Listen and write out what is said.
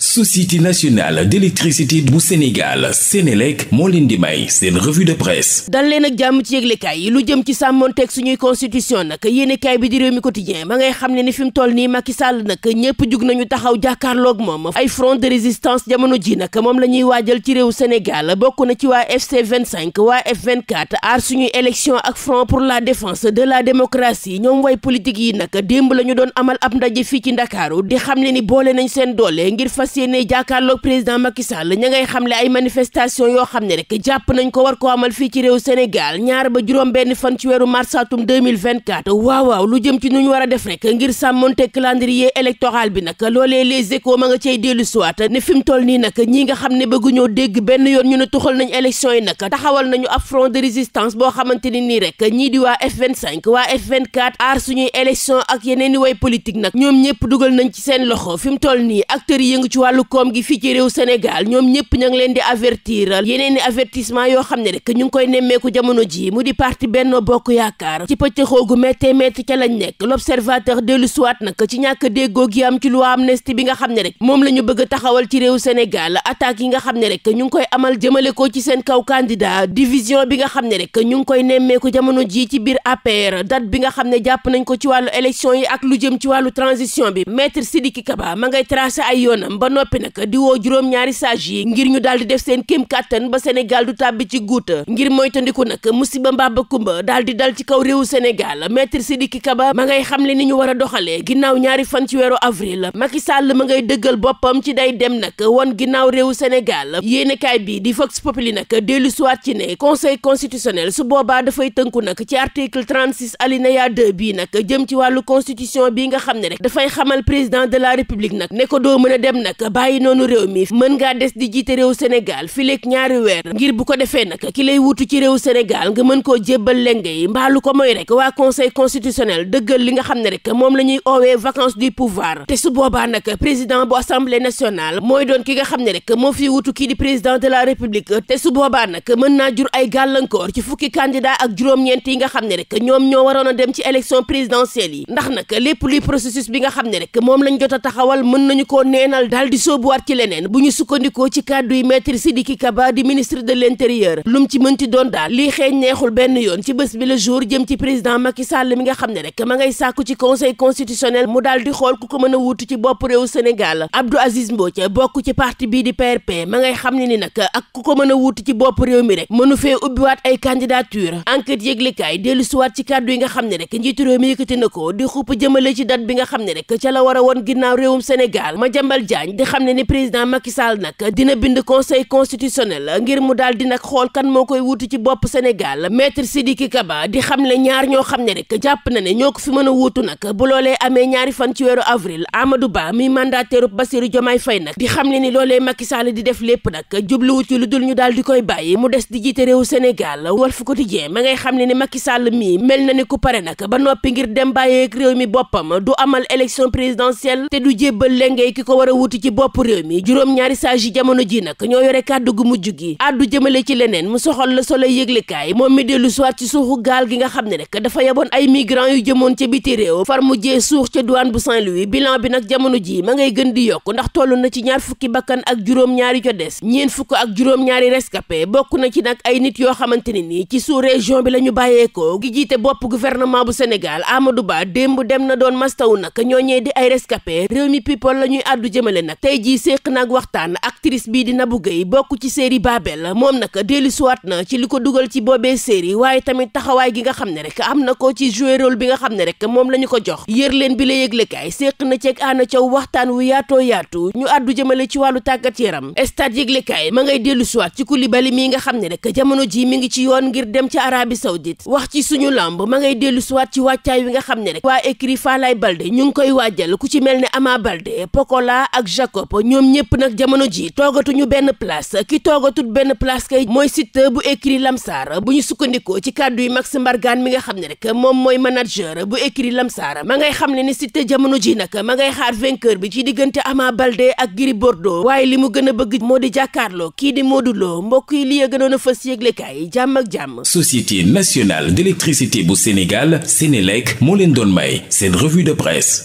société nationale d'électricité bu Sénégal Sénélec moo leen di may seen revue de presse dal leen ak jàmm ci yëglekaay yi lu jëm ci sàmmonteeg suñuy constitution nag yéenekaay bi di réew mi quotidien ma ngay xam ne ni fi mu toll nii Macky Sall nag ñépp jug nañu taxaw jàkkaarloog moom ay front de résistance jamono ji nag moom la ñuy waajal ci réew Sénégal bokk na ci waa FC 25 waa F24 aar suñuy élection ak front pour la défense de la démocratie ñoom way politique yi nag démb la ñu doon amal ab ndaje fii ci Ndakaaru di xam ne ni boole nañ seen doole ngir seen yéene jàkkaarloog président Macky Sall ña ngay xamle ay manifestation yoo xam ne rek jàpp nañ ko war ko amal fii ci réew Sénégal ñaar ba juróom benn fan ci weeru mars atum 2024 waaw waaw lu jëm ci nu ñu war a def rek ngir sàmmonte calendrier électoral bi nag loolee les échos ma nga cay dellu siwaat ne fi mu toll nii nag ñii nga xam ne bëgguñoo dégg benn yoon ñu ne tuxal nañu élection yi nag taxawal nañu ab front de résistance boo xamante ni nii rek ñii di waa F25 waa F24 aar suñuy élection ak yeneen i way politique nag ñoom ñëpp dugal nañ ci seen loxo fi mu toll nii acteurs yi yëngu ci wàllu koom gi fii ci réew Sénégal ñoom ñëpp ña leen di avertir yeneen i avertissement yoo xam ne rek ñu ngi koy nemmeeku jamono ji mu di parti Benno Bokk Yaakaar ci pëccëxoo gu méttee métti ca lañ nekk l'observateur dellu siwaat nag ci ñàkk déggoo gi am ci loi amnistie bi nga xam ne rek moom la ñu bëgg a taxawal ci réew Sénégal attaques yi nga xam ne rek ñu ngi koy amal jëmale ko ci seen kaw candidat division bi nga xam ne rek ñu ngi koy nemmeeku jamono ji ci biir APR date bi nga xam ne jàpp nañ ko ci wàllu élection yi ak lu jëm ci wàllu transition bi maître Sidiki Kaba ma ngay tracé ay yoonam ba noppi nag diwoo juróom-ñaari sage yi ngir ñu daal di def seen kéem kàttan ba Sénégal du tàbbi ci guuta ngir moytandiku nag musiba mbaa ba kumba daal di dal ci kaw réewu Sénégal maître Sidiki Kaba ma ngay xamle ni ñu war a doxalee ginnaaw ñaari fan ci weeru avril Macky Sall ma ngay dëggal boppam ci day dem nag wan ginnaaw réew Sénégal yéenekaay bi di Vox Populi nag dellu siwaat ci ne conseil constitutionnel su boobaa dafay tënku nag ci article 36 alinéa 2 bii nag jëm ci wàllu constitution bi nga xam ne rek dafay xamal président de la république nag ne doo mën a dem nag nag bàyyi noonu réew mi mën ngaa des di jiite réew Sénégal fileeg ñaari weer ngir bu ko defee nag ki lay wutu ci réew Sénégal nga mën koo jébbal lenge yi mbaalu ko mooy rek waa conseil constitutionnel dëggal li nga xam ne rek moom la ñuy oowee vacances du pouvoir te su boobaa nag président bu assemblée nationale mooy doon ki nga xam ne rek moo fi wutu kii di président de la république te su boobaa nag mën naa jur ay gàllankoor ci fukki candidat yi nga xam ne rek ñoom ñoo waroon a dem ci élection présidentielle yi ndax nag bi nga xam a daal di soobuwaat ci leneen bu ñu sukkandikoo ci kàddu yi maître Sidiki Kaba di ministre de l'intérieur lum ci mënti doon daal lii xeeñ neexul benn yoon ci bés bi le jour jëm ci président Macky Sall mi nga xam ne rek ma ngay sàkku ci conseil constitutionnel mu daal di xool ku ko mën a wuutu ci bopp réew Sénégal Abdou Aziz Mbodj bokk ci parti bii di PRP ma ngay xam ne ni nag ak ku ko mën a wuutu ci bopp réew mi rek mënu fee ubbiwaat ay candidature enquête yëglekaay dellu siwaat ci kàddu yi nga xam ne rek njiitu réew mi yëkkati na ko di xupp jëmale ci date bi nga xam ne rek ca la war a ginnaaw réewum Sénégal ma jambal jaañ Diagne di xam ne ni président Macky Sall nag dina bind conseil constitutionnel ngir mu daal di nag xool kan moo koy wuutu ci bopp Sénégal maître Sidiki Kaba di xam ne ñaar ñoo xam ne rek jàpp na ne ñoo ko fi mën a wuutu nag bu loolee amee ñaari fan ci weeru avril Amadou Ba mi mandataire Bassirou Diomaye Faye nag di xam ne ni loolee Macky Sall di def lépp nag jubluwu ci lu dul ñu daal di koy bàyyi mu des di jiite réew réewu Sénégal ko Quotidien ma ngay xam ne ni Macky Sall mii mel na ni ku pare nag ba noppi ngir dem bàyyeeg réew mi boppam du amal élection présidentielle te du jébbal lenge ci bopp réew mi juróom-ñaari sages yi jamono ji nag ñoo yore kàddu gu mujj gi addu jëmale ci leneen mu soxal la solo yëglekaay moom mi dellu soit ci suuxu gaal gi nga xam ne rek dafa yaboon ay migrants yu jëmoon ca biti réew far mujjee suux ca douane bu Saint-Louis bilan bi nag jamono ji ma ngay gën di yokk ndax toll na ci ñaar fukki bakkan ak juróom-ñaari co des ñeent fukk ak juróom-ñaari rescapé bokk na ci nag ay nit yoo xamante ne nii ci sous région bi la ñu bàyyeekoo gi jiite bopp gouvernement bu Sénégal Amadou Ba démb dem na doon mastaw nag ñooñee di ay rescapé réew mi people la nag tey jii séq nag waxtaan actrice bii di Nabou Guèye bokk ci série Babel moom nag dellu siwaat na ci li ko dugal ci boobee série waaye tamit taxawaay gi nga xam ne rek am na ko ci jouer rôle bi nga xam ne rek moom la ñu ko jox yër leen bi la yëglekaay séq na ceeg ànn Thiaw waxtaan wu yaatoo yaatu ñu àddu jëmale ci wàllu tàggat yaram stade yëglekaay ma ngay dellu siwaat ci Koulibaly mi nga xam ne rek jamono jii mi ngi ci yoon ngir dem ci Arabie Saoudite wax ci suñu lamb ma ngay dellu siwaat ci wàccaay wi nga xam ne rek waa écrit Falaye Balde ñu ngi koy waajal ku ci mel ne Ama Jacob ñoom ñëpp nag jamono ji toogatuñu benn place ki toogatut benn place kay mooy Siteu bu écurie Lamsar bu ñu sukkandikoo ci kàddu yi Max Mbargane mi nga xam ne rek moom mooy manager bu écurie Lamsar ma ngay xam ne ni Siteu jamono ji nag ma ngay xaar vainqueur bi ci diggante Ama Baldé ak Gris Bordeaux waaye li mu gën a bëgg moo di jàkkaarloo kii di Modou mbokk yi li gënoon a fës yëglekaay jàmm ak jàmm. Société nationale d'électricité bu Sénégal Sénélec moo leen doon may seen revue de presse.